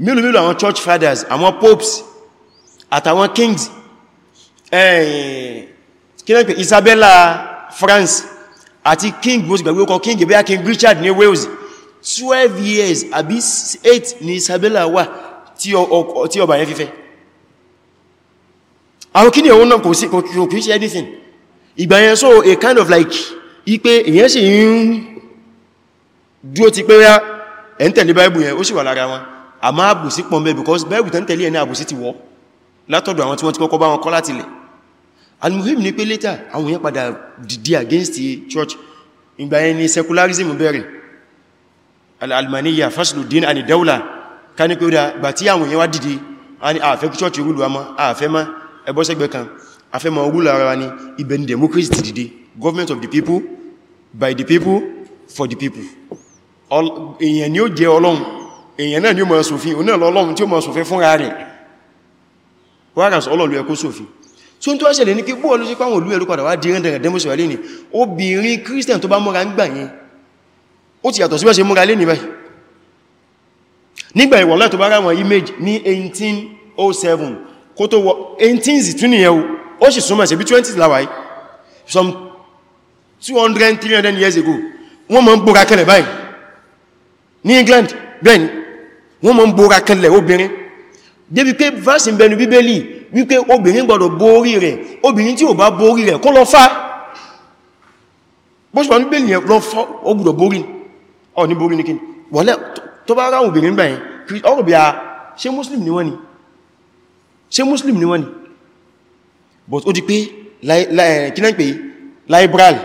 mílù mílù àwọn church fathers àwọn popes àtàwọn kings eh, kí náà pé Isabella France àti king bó ti gbàgbé ọkọ̀ king ìbẹ́ king Richard ní Wales 12 years àbí 8 ni Isabella wà tí ọba yẹn fífẹ́ àwọn kí ni ẹ̀wọ́n náà kò sí anything ìgbà yẹn so a kind of like ipe èyàn sì ń dúó ti pé rá ẹ̀ ń tẹ̀lé báìbù yẹn ó sì wà lára wọn a máa àbòsí pọ̀ mẹ́ because báìbù tẹ́ ń tẹ̀lé ẹni àbòsí ti wọ́ látọ̀dọ̀ àwọn tí wọ́n ti kọ́kọ́ bá wọn kọ́ láti lẹ̀ almuhim ni pé later àwọn yẹn padà dìde against the church ìgbà yẹn ni secularism bẹ̀rẹ̀ al-almaniya faslu din ani daula ká ní pé ó dá gbà tí àwọn yẹn wá dìde a ní àfẹ́ kí church rúlu àmọ́ àfẹ́ mọ́ ẹbọ́sẹ́gbẹ́ kan àfẹ́ mọ́ rúlu ara wa ní ibẹ̀ ni democracy dìde government of the people by the people for the people èyàn ni ó jẹ ọlọ́run èyàn náà ni ó máa ṣòfin òun náà lọ́lọ́run tí ó máa ṣòfin fúnra rẹ̀ wákàtí ọlọ́lù ẹkó ṣòfin tí ó ń tó ẹ̀ṣẹ̀lẹ̀ ní kí bóò ló sí pàwọn olú ẹ̀lú padà wá di rẹ̀ dẹ́mọ̀síwà lẹ́ni image ní 1807 kó 18s tún nìyẹn ó 20s láwàá some 200 300 years ago wọ́n mọ́ ń gbóra kẹlẹ̀ báyìí ní England bẹ́ẹ̀ni wọ́n mọ́ ń bóra kanlẹ̀ obìnrin débi pé verse ń bẹnu bíbélì wípé obìnrin gbọ́dọ̀ borí rẹ̀ obìnrin tí ò bá borí rẹ̀ kó lọ fá bọ́ṣùpá bíbélì yẹn lọ fọ́ ó gbọ́dọ̀ borí ọ ní borí nìkín wọ́lẹ̀ tó bá ráhùn obìnrin báyìí ọrọ̀ bí a ṣe muslim ni wọ́n ni ṣe ni wọ́n but ó di pé eh, kí náà pé liberal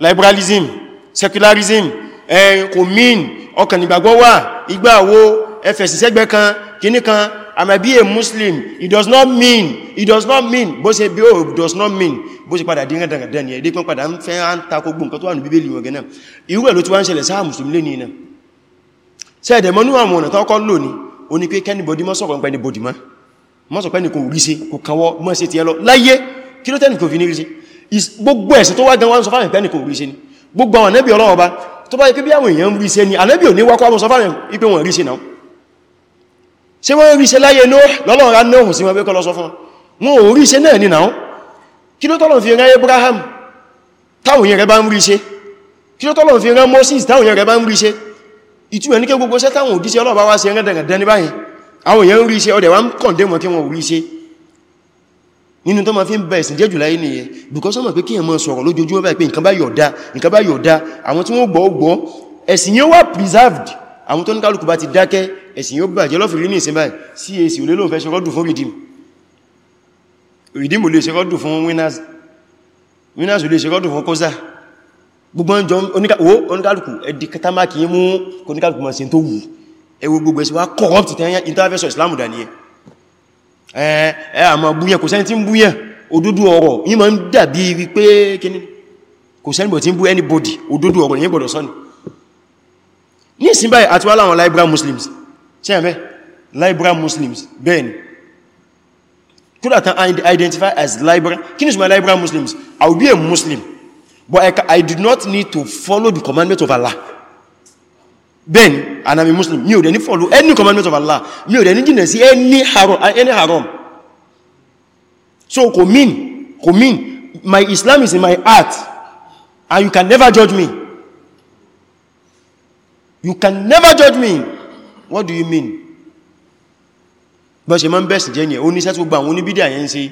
liberalism secularism eh, kò ọkàn ìgbàgbọ́ wà ìgbàwó ẹfẹ̀sìsẹ́gbẹ́ kan kìíní kan am I be a Muslim it does not mean it does not mean bó ṣe bí ó does not mean bó ṣe padà dínrẹ̀ dangadan ni ẹ̀dẹ́gbọ́n padà ń fẹ́ à ń takò gbọ́n kan tó wà ní bíbélì wọn gẹ̀nà irú ẹ̀ ló ti wá ń ṣẹlẹ̀ sáà Mùsùlùmí lé ní iná sẹ́ẹ̀dẹ̀mọ́nú àwọn ọ̀nà tọ́kọ́ lò ní o ní pé kẹ́nìbọ̀dí mọ́sọ̀kọ̀ pẹ́ ní bọ̀dí mọ́ mọ́sọ̀ pẹ́ ní kò rí sí kò kàwọ́ mọ́ sí ti ẹlọ láyé kí ló tẹ́nì kò fi ní rí sí gbogbo ẹ̀sìn tó wá gan wá ń sọ fáwọn ìpẹ́ ní kò rí sí ni gbogbo àwọn nẹ́bí ọlọ́ọ̀bá tó bá ikú bí àwọn èèyàn rí se ní ànábì ò ní wákọ́ àwọn sọfánà ipé wọn rí se náà ṣe wọ́n rí se láyé ló lọ́lọ́run rán náà sí wọn pé kọlọ sọ fún wọn ò rí se náà ní náà kí ló tọ́lọ̀ fi rán Abraham táwọn yẹn rẹ bá ń rí se kí ló tọ́lọ̀ fi rán Moses táwọn yẹn rẹ bá ń rí se nínú tó ma fi ń bẹ̀ ìsìn jẹ́jù láyé nìyẹn because ọmọ pé kí ẹmọ sọ̀rọ̀ lójoojúmọ́ báyìí pé nǹkan bá yọ̀dá nǹkan bá yọ̀dá àwọn tí wọ́n gbọ́ gbọ́ ẹ̀sìn yóò wà preserved àwọn tó ní kálùkù bá ti dákẹ́ ẹ̀sìn yóò bàjẹ́ lọ́fìrí ní ìsìn báyìí CAC olè lóun fẹ́ ṣe rọ́dù fún redeem redeem olè ṣe rọ́dù fún winners winners olè ṣe rọ́dù fún kọ́sà gbogbo ọjọ́ oníkálùkù ẹ̀dì katamaki mú oníkálùkù mọ̀ sí tó wù ẹwọ gbogbo ẹ̀sìn wá corrupt intervention Islam dà nìyẹn ẹ àmọ́ búyẹ̀ kò sẹ́ni tí ń búyẹ̀ òdodo ọ̀rọ̀ yí ma ń dàbí wípé kíní kò sẹ́ni bọ̀ tí ń bú anybody òdodo ọ̀rọ̀ yí gbọ́dọ̀ sọ́ni ní ìsìn báyìí àti wá láwọn muslims ṣe ẹ̀mẹ́ liberal muslims bẹ́ẹ̀ni kúrò àtàn identify as liberal kí ní ṣùgbọ́n liberal muslims i will be a muslim but I, i do not need to follow the commandment of Allah bẹ́ẹ̀ni and i'm a muslim mi ò dẹ̀ follow any commandment of allah mi ò dẹ̀ ní jìnà any haram any haram so kò mean kò mean my islam is in my heart and you can never judge me you can never judge me what do you mean bọ́ ṣe máa ń bẹ̀sì jẹ́ ní ẹ̀ oníṣẹ́ tó gba àwọn oníbídà yẹn ṣe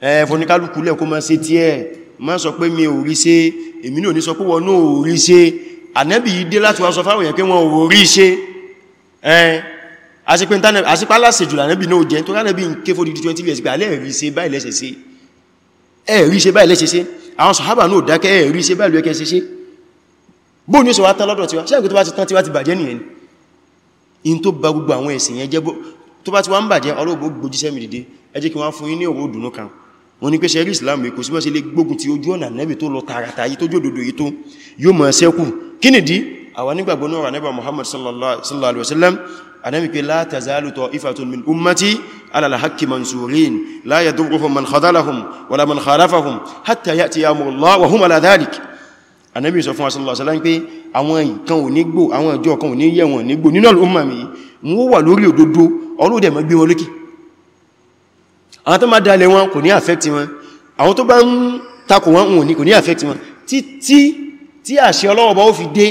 ẹ̀ fọ́nikálùkù lẹ́ẹ̀kọ́ máa ṣe tí ẹ̀ máa sọ pé mi ò rí ṣe èmi náà ní sọ pé wọ́n náà ò rí ṣe ànẹ́bì yìí dé láti wá sọ fáwọn èèyàn pé wọn ò rí ṣe ẹn àṣípálàṣẹ́ jùlọ ànẹ́bì náà jẹ́ tó ránẹ́bì ń ké fódí 20 years pé alẹ́ rí ṣe báyìí lẹ́ṣẹ̀ ṣe ba gbogbo àwọn ẹ̀sìn yẹn jẹ́ tó bá ti wá ń bàjẹ́ ọlọ́gbogbo jíṣẹ́ mìdìdé ẹ jẹ́ kí wọ́n fún yín ní òwò wọ́n ní pé ṣe rí islam kò sí wọ́n ṣe lè gbógun ti ojú ọ̀nà nẹ́bì tó lọ tààràtà yí tó jòdòdó yí tó yóò mọ̀ ṣẹ́kù kí nìdí àwọn nígbàgbọ́ náà nẹ́bà muhammad sallallahu alaihi wasallam anẹ́bì pé la tazalu ta'ifatun min ummati ala al-haqqi mansurin la yadurruhum man khadalahum wala man khalafahum hatta ya'ti amrullah wa hum ala dhalik anẹ́bì sọ fún wa sallallahu alaihi wasallam pé àwọn nǹkan ò àwọn tó máa dalẹ̀ wọn kò ní àfẹ́kti wọn àwọn tó bá ń takò wọn wọn kò ní àfẹ́kti wọn títí tí àṣẹ ọlọ́wọ́ ó fi dé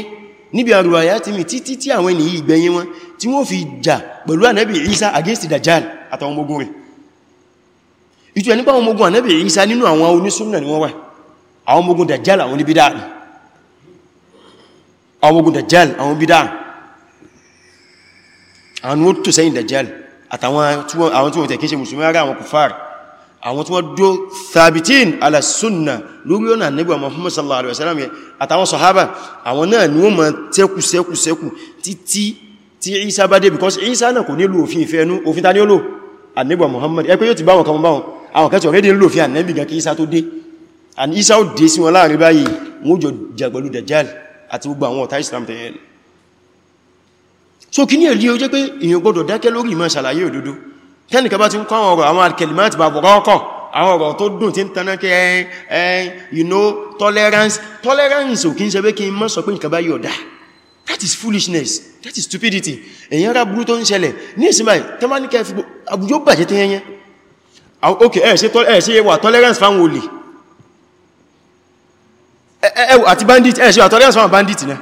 níbi àrùwà yá ti mi títí tí àwọn ènìyàn ìgbẹ̀yìn wọn tí wọ́n fi jà pẹ̀lú ànábì Isa against Dajjal àtàwọn ọmọ ogun rẹ̀ ìtù ẹni pàwọn ọmọ ogun ànábì Isa ni wọ́n wà àwọn ọmọ ogun Dajjal àwọn oníbídà àwọn ogun Dajjal àwọn oníbídà àwọn ó tò sẹ́yìn àtàwọn tí wọ́n tẹ̀ kí ṣe musulmi ara àwọn kùfàr àwọn tí wọ́n dó thabitin ala sunna lórí ọ̀nà nígbà Muhammad sallallahu alaihi wasallam yẹ àtàwọn sahaba àwọn náà ni wọ́n ma tẹ́kù sẹ́kù sẹ́kù títí tí Isa bá dé because Isa náà kò nílò òfin ìfẹ́nú òfin ta ní ó lò ànígbà Muhammad ẹ pé yóò ti báwọn kan báwọn àwọn kẹtù ọ̀rẹ́dẹ̀ ń lò fi ànẹ́bì gan kí Isa tó dé and Isa ó dé sí wọn láàrin báyìí wọ́n jọ jà pẹ̀lú Dajjal àti gbogbo àwọn ọ̀tá Islam tẹ̀yẹn so kí ní èlé o jẹ́ pé èyàn gbọ́dọ̀ dákẹ́ lórí ìmọ̀ ṣàlàyé òdodo tẹ́nìkan bá ti ń kọ́ àwọn ọ̀rọ̀ àwọn alkelimat bá bọ̀rọ̀kọ̀ àwọn ọ̀rọ̀ tó dùn tí ń taná ẹn you know tolerance tolerance ò kí ń ṣe pé kí n mọ́ that is foolishness that is stupidity èyàn rá burú tó ń ṣẹlẹ̀ ní ìsinmi tẹ́ má ní kẹ́ fi àbújó bàjẹ́ tẹ́ yẹn ah, ok ẹ ṣe ẹ ṣe wà tolerance fáwọn olè àti bandit ẹ ṣe wà tolerance fáwọn bandit náà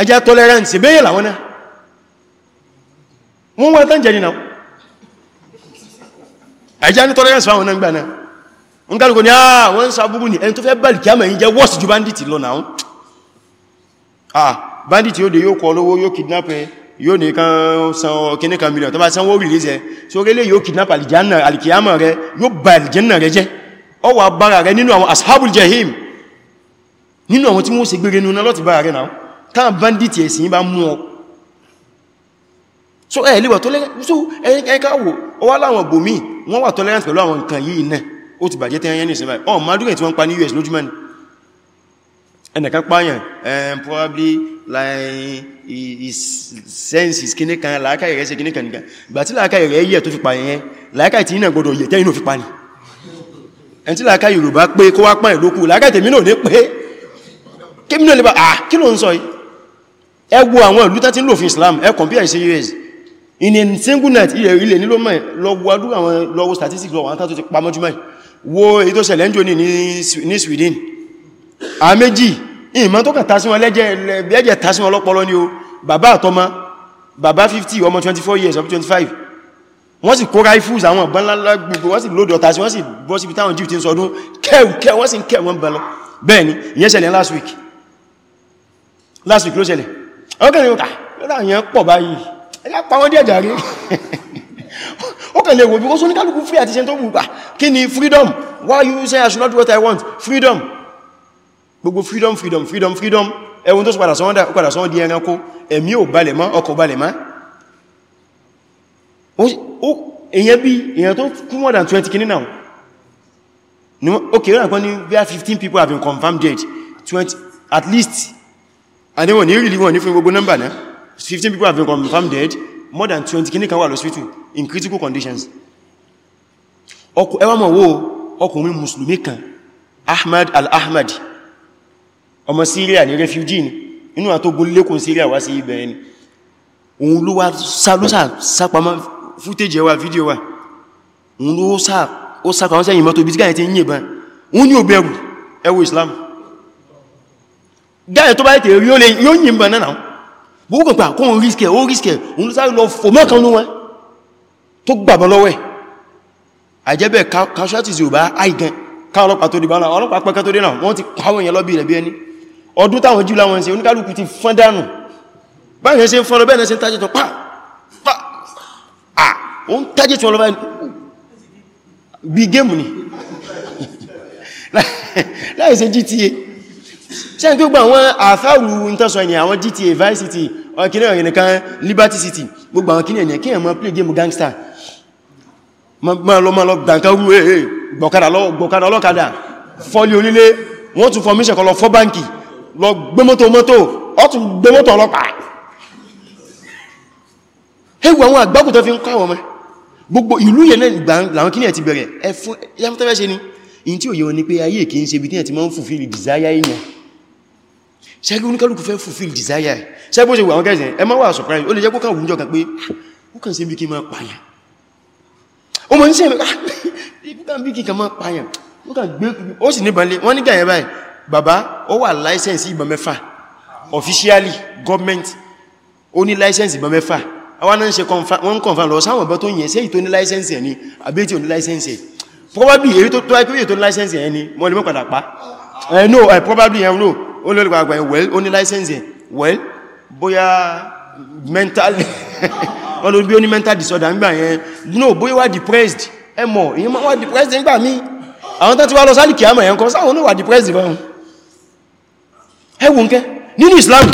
ẹ tolerance ìbéyẹ̀ làwọn náà wọ́n wọ́n tán jẹ nínú àìjá ní tolerance fáwọn náà gbaná ń kálùkù ní àà ah, wọ́n ń sàbúrú ní ẹni tó fẹ́ banditi lọ náà ah banditi yóò dé yóò kọ lówó yóò kidnap ẹ yóò ní kan san kíní kan mílíọ̀n tó bá sanwó release ẹ so rẹ́lẹ̀ yóò kidnap alìkìyàmọ̀ rẹ yóò àwọn ashabul jahim nínú àwọn tí wọ́n ṣe gbére nínú lọ́ti bára rẹ náà táà banditi ẹ̀sìn bá mú ọ so ẹ̀ eh, lè wà tolerant so ẹ̀yìn eh, eh, ká wò ó wá láwọn bòmí wọ́n wà tolerant pẹ̀lú àwọn nǹkan yìí náà ó ti bàjẹ́ tẹ́yẹn ní ìsinmi ọ̀ madúrẹ̀ tí wọ́n pa ní US lójúmọ́ ni ẹnìkan pààyàn ẹn probably like his senses kíní kan làákàyè rẹ̀ ṣe kíní kan nìkan ìgbà tí làákàyè rẹ̀ yẹ̀ tó fi pààyàn yẹn làákàyè tí iná gbọdọ̀ yẹ̀ tẹ́yìn ò fi pa ni ẹn tí làákàyè Yorùbá pé kó wá pààyàn lókù làákàyè tèmi náà ní pé kí mi náà lè bá ah kí ló ń sọ yìí ẹ wo àwọn Islam ẹ compare sí in a single night ilẹ̀ ilẹ̀ nílò mẹ́ lọ́wọ́ adúrà àwọn lọ́wọ́ statistics lọ́wọ́ àwọn tó ti pamọ́ jùmọ́ wo èyí tó ṣẹlẹ̀ ń jò ní Sweden a méjì ìmọ́ tó kàn tásí wọn lẹ́jẹ̀ tásí wọn lọ́pọ̀lọ́ ni o bàbá àtọmọ bàbá 50 ọmọ 24 years ọmọ 25 wọ́n sì kó rifles àwọn ọ̀bánlá gbogbo wọ́n sì lódò ọ̀tá sí wọ́n sì bọ́ síbi táwọn jíù ti ń sọdún kẹ́ẹ̀kẹ́ wọ́n sì ń kẹ́ wọ́n bẹ̀lọ bẹ́ẹ̀ ni ìyẹn ṣẹlẹ̀ last week last week ló ṣẹlẹ̀ ọkẹ́rin ah, ó kà lọ́dà yẹn pọ̀ báyìí ẹlápàá wọ́n díẹ̀ jàrí ó kàn lè wò bí ó sún ní kálùkù free àti ṣe tó wùgbà kí ni freedom why you say I should not do what I want freedom gbogbo freedom freedom freedom freedom ẹwùn tó sì padà sọ́wọ́n dá ó padà sọ́wọ́n di ẹranko ẹ̀mí ò balẹ̀ mọ́ ọkọ̀ balẹ̀ mọ́ more than 20 kìnnì náà ok rẹ̀ kan ní bí i 15 people have been confirmed dead 20 at least and they wọ́n ní ìrìlì wọ́n ní fún gbogbo nọ́mbà náà 15 people have been confirmed dead more than 20 kìní kan wà lọ́sítù in critical conditions ọkù ẹwà mọ̀ wó ọkùnrin musulmi kan ahmad al-ahmad ọmọ syria ni refugee ni inú àtógún lékún syria wá sí ibẹ̀ ẹni òun ló footage, sálúsà video, fútéjì ẹwà fídíò wà òun ló sápamọ́ sẹ́yìn mọ́tò bí tí gáyẹ̀ ti ń yìnbọn òun ni ò bẹ̀rù ẹwọ islam gáyẹ̀ tó bá yẹ̀ tẹ̀ rí na. yìnbọn náà gbogbo pà kó ń ríṣkẹ̀ ó ríṣkẹ̀ òun sáré lọ fò mọ́kan ní wọn tó gbàbọ̀ lọ́wẹ́ àìjẹ́bẹ̀ casualties yóò bá àìgàn ká ọlọ́pàá tó dìbà náà ọlọ́pàá pẹ́kẹ́ tó dé náà wọ́n ti pàwọn èèyàn lọ́bí rẹ̀ bí ẹni ọdún táwọn jù láwọn ṣe oníkálùkù ti fọ́n dànù báyìí ṣe ń fọ́n lọ bẹ́ẹ̀ ṣe ń tajẹ́ tó pa pa à ó ń tajẹ́ tó lọ́bàá bí géèmù ni láì ṣe GTA ṣe n tó gbà àwọn àfáàrù ìtọ́sọ ẹni àwọn GTA Vice City ọkìnrin ọ̀rìn nìkan Liberty City gbogbo àwọn kìnìyàn ní kíyàn mọ́ play game gangster ma lọ ma lọ gbàǹkanrú èè eh, eh, gbọ̀kadà ọlọ́kadà fọ́lé onílé wọ́n tún fọmíṣẹ̀ kọlọ fọ́ báǹkì lọ gbé mọ́tò mọ́tò ọtún gbé mọ́tò ọlọ́pàá ewu àwọn àgbákùtọ́ fi ń kọ́ àwọn ọmọ gbogbo ìlú yẹn náà gbà láwọn kíní ẹ̀ ti bẹ̀rẹ̀ ẹ̀fún yàmútẹ́fẹ́ ṣe ni in tí ò yẹ wọn pé ayé kìí ṣe bí tí ẹ̀ ti máa ń fùfí desire èèyàn ṣẹ́gbẹ́ oníkálùkù fẹ́ fulfill desire ẹ̀ ṣẹ́gbẹ́ ṣe wà àwọn gẹ́ẹ̀sẹ̀ ẹ má wà surprise ó lè jẹ́ kó kàn wùjọ kan pé ó kàn sí bí kí máa pààyàn ó mọ̀ ní sí ah, ẹ̀mẹ́ kí kàn máa pààyàn ó sì níbanlé wọ́n nígbà yẹn báyìí bàbá ó wà license ìbọn mẹ́fà officially government ó ní license ìbọn mẹ́fà àwọn náà ń ṣe wọ́n confirm lọ sáwọn ọ̀bọ̀ tó yẹn sí èyí tó ní license ẹ̀ ni àbí èyí tó ní license ẹ̀ probably èyí tó tó ní license ẹ̀ ni wọ́n lè mọ́ padà pa eh no eh probably eh no ó lè gba well only ní license well bóyá mental ó lọ bí ó ní mental disorder ńgbà yẹn no bóyá wà depressed ẹ mọ̀ ìyẹn máa wà depressed ńgbà mi àwọn tán ti wá lọ sali kiyama yẹn ko sáwọn wà depressed ba wọn ẹ wo nke nínú Islam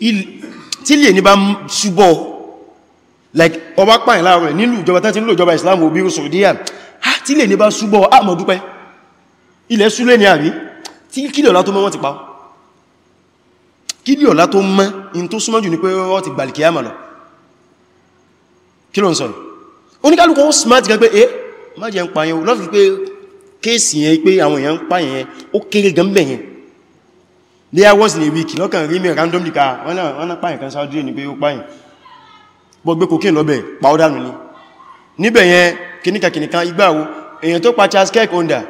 il tí lè like bá ṣubọ̀ like ọba pààyàn láàrin nílùú ìjọba tán ti nílò ìjọba Islam òbí Saudiya tí lè ní bá súbọ̀ àmọ̀dúpẹ́ ilẹ̀ súlé ní àrí tí kílẹ̀ ọ̀lá tó mọ́ wọ́n ti pa kílẹ̀ ọ̀lá tó mọ́ in tó súnmọ́ jù ní pé wọ́n ti gbàlì kíyàmà lọ kí ló ń sọ̀rọ̀ oníkálùkù ó smart gan pé eh má jẹ́ ń pa yẹn lọ́fi pé kéèsì yẹn pé àwọn èèyàn ń pa yẹn ó kéré gan bẹ̀ yẹn there was in a week lọ́kàn rí mi randomly ka wọ́n náà pààyàn kan sáájú ní pé ó pààyàn gbogbo kòkín lọ́bẹ̀ pàódà nù ní níbẹ̀ yẹn kìníkà kìníkà ìgbàwo èyàn tó pa Charles Kirk Honda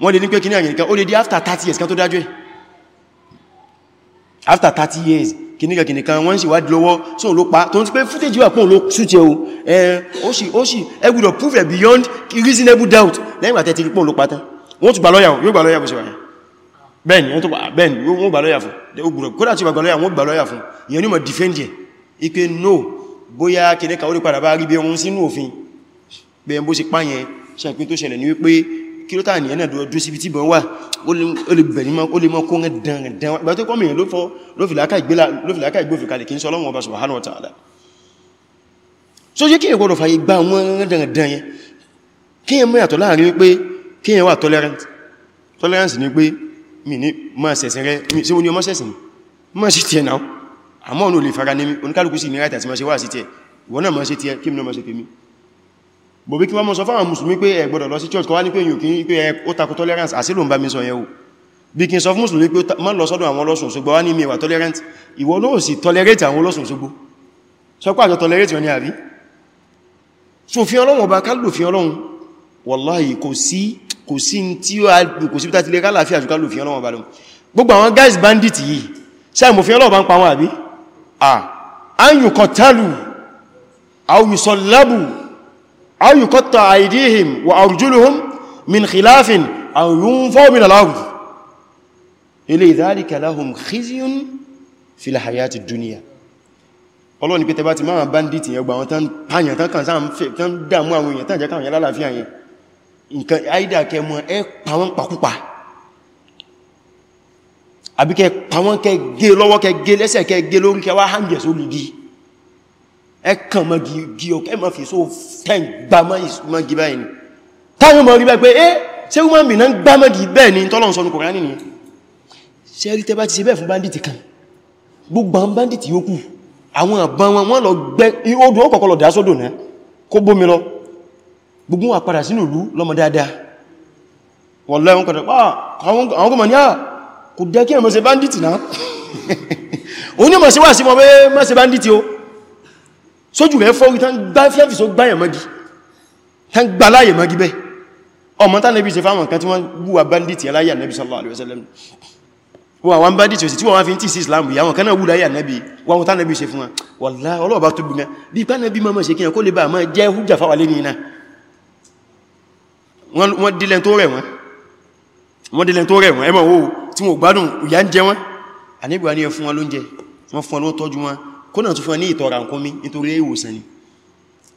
wọ́n lè ní pé kìníkà kìníkà ó lè di after 30 years kan tó dájú ẹ̀ after 30 years kìníkà kìníkà wọ́n sì wádìí lọ́wọ́ só ló pa tó ń ti pé footage wà pọ́n ló ṣútẹ o ó sì ó sì ẹ prove it beyond reasonable doubt lẹ́yìn àtẹ́ ti rí pọ́n ló pa tán wọ́n tún gbà lọ́yà yóò gbà lọ́yà bó ṣe wà yẹn bẹ́ẹ̀ni wọ́n tó pa bẹ́ẹ̀ni wọ́n gbà lọ́yà fún ògbùrọ̀ kódà tí wọ́n gbà lọ́yà wọ́n gbà lọ́yà fún ìyẹn ní mọ̀ defend yẹ ipe no bóyá kìníkà ó lè padà bá rí bí ohun sínú òfin bẹ̀yẹn bó ṣe páyẹn ṣẹ̀pín tó ṣẹlẹ̀ ní wípé kí ló tà ní ẹ̀nà dúró síbi tí bọ̀n wà ó lè bẹ̀rẹ̀ mọ́ ó lè mọ́ kó rẹ̀ dánrẹ̀dán ìgbà tó kọ́ mìíràn ló fi láàkà ìgbófin kalẹ̀ kí n sọ Ọlọ́run Ọba subhanahu wa ta'ala so yé kí èyàn gbọ́dọ̀ fàyè gbá wọn rẹ̀dẹ̀rẹ̀dẹ̀ yẹn kí èyàn mẹ́yàtọ̀ láàrin wípé kí èyàn wà tolerant tolerance ni pé mi ní máa ṣẹ̀sìn rẹ̀ sí wọ́n ni ọmọ ṣẹ̀sìn máa ṣe tiẹ̀ náà àmọ́ òun ò lè fara ní oníkálùkù sí ní ráìtà tí máa ṣe wà sí tiẹ̀ ìwọ náà máa ṣe tiẹ̀ kí mi náà máa ṣe tèmi bò bí kí wọ́n mọ́ sọ fáwọn musulmi pé ẹ gbọ́dọ̀ lọ sí church kọ́ wá ní pé yíò kí pé ó takò tolerance àsílò ń bá mi sọ yẹn o bí kí n sọ fún musulmi pé má lọ sọ́dọ̀ àwọn ọlọ́sùn Òṣogbo wá ní mi wà tolerant ìwọ náà sì tolerate àwọn ọlọ́sùn Òṣogbo sọ pé àjọ tolerate wọn ni àbí so fi Ọlọ́run ọba kálù fi Ọlọ́run wallahi kò sí kò sí tí ó kò sí tàbí lálàáfíà jù kálù fi Ọlọ́run ọba lọ gbogbo àwọn guys bandit yìí sáàmù fi Ọlọ́run ọba ń pa wọn aw yuqatta aydihim wa arjuluhum min khilafin aw yunfaw min al-ard ilé dhalika lahum khizyun fil hayati dunya ọlọ́ ni pé tẹbá ti máa bandit yẹn gbà wọn tán pààyàn tán kàn sáà tán dàmú àwọn èèyàn tán jẹ́ káwọn yẹn lálàáfíà yẹn nǹkan àìdà kẹ mọ́ ẹ pàwọn pàkúpa àbí kẹ pàwọn kẹ gé lọ́wọ́ kẹ gé lẹ́sẹ̀ kẹ gé lórí kẹ wá hànjẹ̀ ẹkàn mọ́gí ọkẹ́ ma fi so tẹ́n gbá mọ́gí báyìí ni táwọn mọ̀ rí bá pé é ṣe wọ́n mì náà gbá mọ́gí bẹ́ẹ̀ ni tọ́lọ̀ sọ́nù Kùránì ni ṣe rí tẹ́ bá ti ṣe bẹ́ẹ̀ fún bandit kan gbogbo àwọn bandit yòókù àwọn àbá wọn wọ́n lọ gbẹ́ odò ọkọ̀kọ́ lọ dásódò náà kó bómi lọ gbogbo wà sójú rẹ̀ fọ́rí tán gbá fíàfì só gbáyàn mọ́gí tán gbá láyè mọ́gí bẹ́ ọmọ tán nẹ́bí ṣe fáwọn kan tí wọ́n wúwa banditi aláyà nẹ́bí sallallahu alaihi wasallam wọ́n àwọn banditi òsì tí wọ́n fi ń tí sí islam yà wọn kan náà wúláyà nẹ́bí wọ́n tán nẹ́bí ṣe fún wọn wallahi ọlọ́ọ̀bá tó gbìmẹ́ bí pá nẹ́bí mọ́mọ́ ṣe kíyàn kó lè bá mọ́ jẹ́ hújà fáwà lé nìyàn wọ́n dílẹ̀ tó rẹ̀ wọ́n wọ́n dílẹ̀ tó rẹ̀ wọ́n ẹmọ̀ wo tí wọ́n gbádùn ìyà ń jẹ wọ́n àníbìwá ní ẹ fún wọn lóúnjẹ wọ́n fún wọn ló tọ́jú wọn kónà tún fún ní ìtọ̀rà nǹkan mi nítorí ìwòsàn ni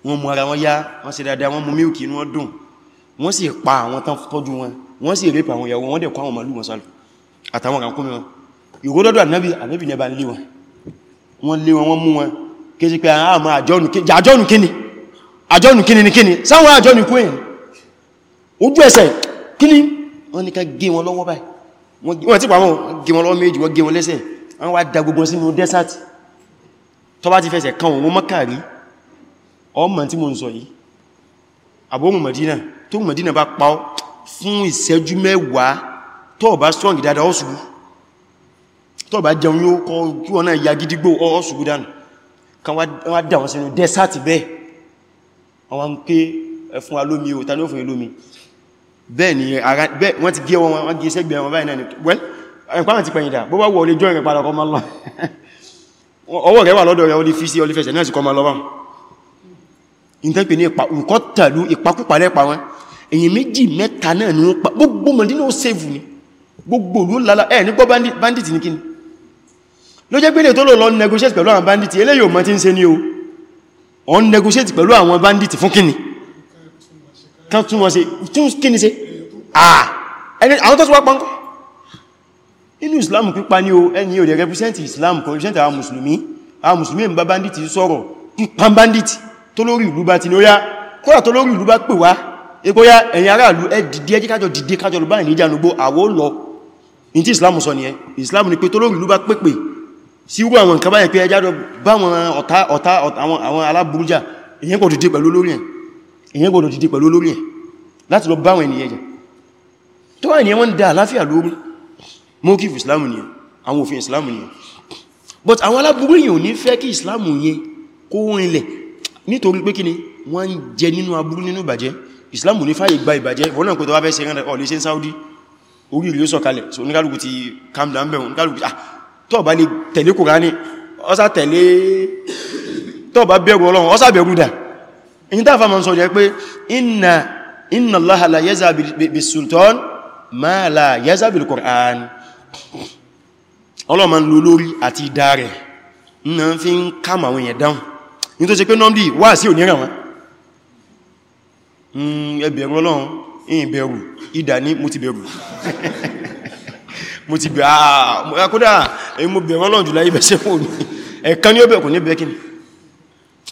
wọ́n mú ara wọn yá wọ́n sì dáadáa wọ́n mú mílìkì inú wọn dùn wọ́n sì pa àwọn tán tọ́jú wọn wọ́n sì rẹ́pà àwọn ìyàwó wọ́n dẹ̀ kọ́ àwọn màlúù wọn sálù àtàwọn nǹkan mi wọn ìró dọ́dọ̀ ànábì ànábì ní ẹba lé wọn wọ́n lé wọn wọ́n mú wọn kéṣe pé ah, àmà àjọ́nù kíni àjọ́nù kíni ni kíni sáwọn àjọ́nù kú èyàn ojú ẹsẹ̀ kíni wọ́n ní ká gé wọn lọ́wọ́ báyìí wọ́n ti pàmọ́ gé wọn lọ́wọ́ méjì wọ́n gé wọn lẹ́sẹ̀ wọ́n wá da gbogbo sínú desert tó bá ti fẹsẹ̀ kan òun mọ́kàrí ọmọ tí mo ń sọ yìí àbóhùn Mẹdínà tó Mẹdínà bá pa ọ́ fún ìṣẹ́jú mẹ́wàá tó bá strong dada ọ́sùgbú tó bá jẹun yóò kọ kí wọ́n náà ya gidigbó ọ́sùgbú dànù kan wá dà wọ́n sínú dẹ́sàtì bẹ́ẹ̀ wọ́n pé ẹfún alómi o tàbí òfin olómi bẹ́ẹ̀ ni wọ́n ti gé wọn wọ́n gé sẹ́gbẹ̀ẹ́ wọn báyìí náà ọwọ́ rẹ̀ wà lọ́dọ̀ rẹ̀ ó lè fi sí olífẹ́sẹ̀ náà sì kọ́ ma lọ́wọ́ ìtẹ́pẹ̀ ní nǹkan tàlú ìpakúpalẹ́pa wọn èyí méjì mẹ́ta náà ni wọ́n pa gbogbo mọ̀dínà ó sèvù ni gbogbo ló lálá ẹ̀ nígbọ́ bandit ní kíni ló jẹ́ pẹ́lẹ̀ tó lò lọ negotiate pẹ̀lú àwọn bandit eléyìí ò mọ̀ tí ń ṣe ní o on negotiate pẹ̀lú àwọn bandit fún kíni kan tún wọ́n ṣe tún kíni ṣe ah àwọn tó tún wá inú islam pípa ní o ẹni o lè represent islam kò represent àwọn musulmi àwọn musulmi ń bá bandit sọ̀rọ̀ pípa bandit tó lórí ìlú bá ti ní ó yá kọ́rà tó lórí ìlú bá pè wá epo ya ẹ̀yin aráàlú ẹ dìde ẹjí kájọ dìde kájọ lọ báyìí níjànúgbó àwọ́ lọ in tí islam sọ islam ni pé tó lórí ìlú bá pèpè sí irú àwọn nǹkan báyìí pé ẹjá lọ bá àwọn ọ̀tá ọ̀tá àwọn aláburújà èyàn kò dìde pẹ̀lú olórí ẹ̀ èyàn kò dìde pẹ̀lú olórí ẹ̀ láti lọ bá àwọn ènìyàn mọ́kíf islamu ni àwọn òfin islamu ni but àwọn aláburú yìí ò ní fẹ́ kí islamu yẹn kó rinlẹ̀ nítorí pé kíni wọ́n ń jẹ nínú aburú nínú ìbàjẹ́ islamu ní fàyè gba ìbàjẹ́ wọ́n náà kò tó wá Saudi orí ìlú sọ̀kalẹ̀ so oníkálùkù ti calm down ah tó bá lè tẹ̀lé Kùránì ọsá tẹ̀lé tó bá bẹ̀rù in ta inna inna Allah la yaza bil sultan ma la yaza bil Qur'an ọlọ́mà ń lo lórí àti ìdá rẹ̀ iná fi ń kàmà àwọn èèyàn dáhùn ní tó ṣe pé nọ́mdì wà sí òníran wọn hmm, ẹbẹ̀rún ọlọ́run ìyìn bẹ̀rù ìdà ní mo ti bẹ̀rù mo ti ah, ah, bẹ̀rù kódà mo bẹ̀rún ọlọ́run jùlá ibẹ̀ṣẹ́ fún ẹ̀kan ní ọbẹ̀ kò ní bẹ́kín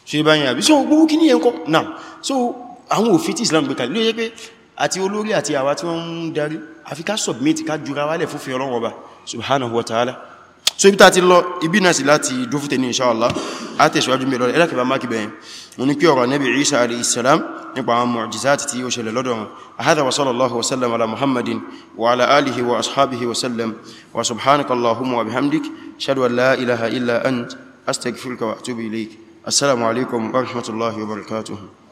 ṣe báyìí àbí so gbogbo kí ní ẹ̀kọ́ so àwọn òfin tí Islam gbé kalẹ̀ ló yẹ pé àti olórí àti àwa tí wọ́n ń darí àfi ká submit ká jura wálẹ̀ fún fi Ọlọ́run Ọba subhanahu wa ta'ala so ibi tàti lọ ibi náà sí láti dúfútẹ̀ ní inṣáàlá a tẹ̀síwájú mẹ́lọ ẹlẹ́kẹ̀ẹ́ bá mákì bẹ̀yẹn mo ní pí ọ̀rọ̀ Nabi Isa alayhi salam nípa àwọn mu'jizat tí ó ṣẹlẹ̀ lọ́dọ̀ wọn hadha wa sallallahu wasallam ala muhammadin wa ala alihi wa ashabihi wasallam wa subhanaka wa bihamdik shadu an la ilaha illa ant astaghfiruka wa atubu ilayk assalamu alaikum wa rahmatullahi wa barakatuhu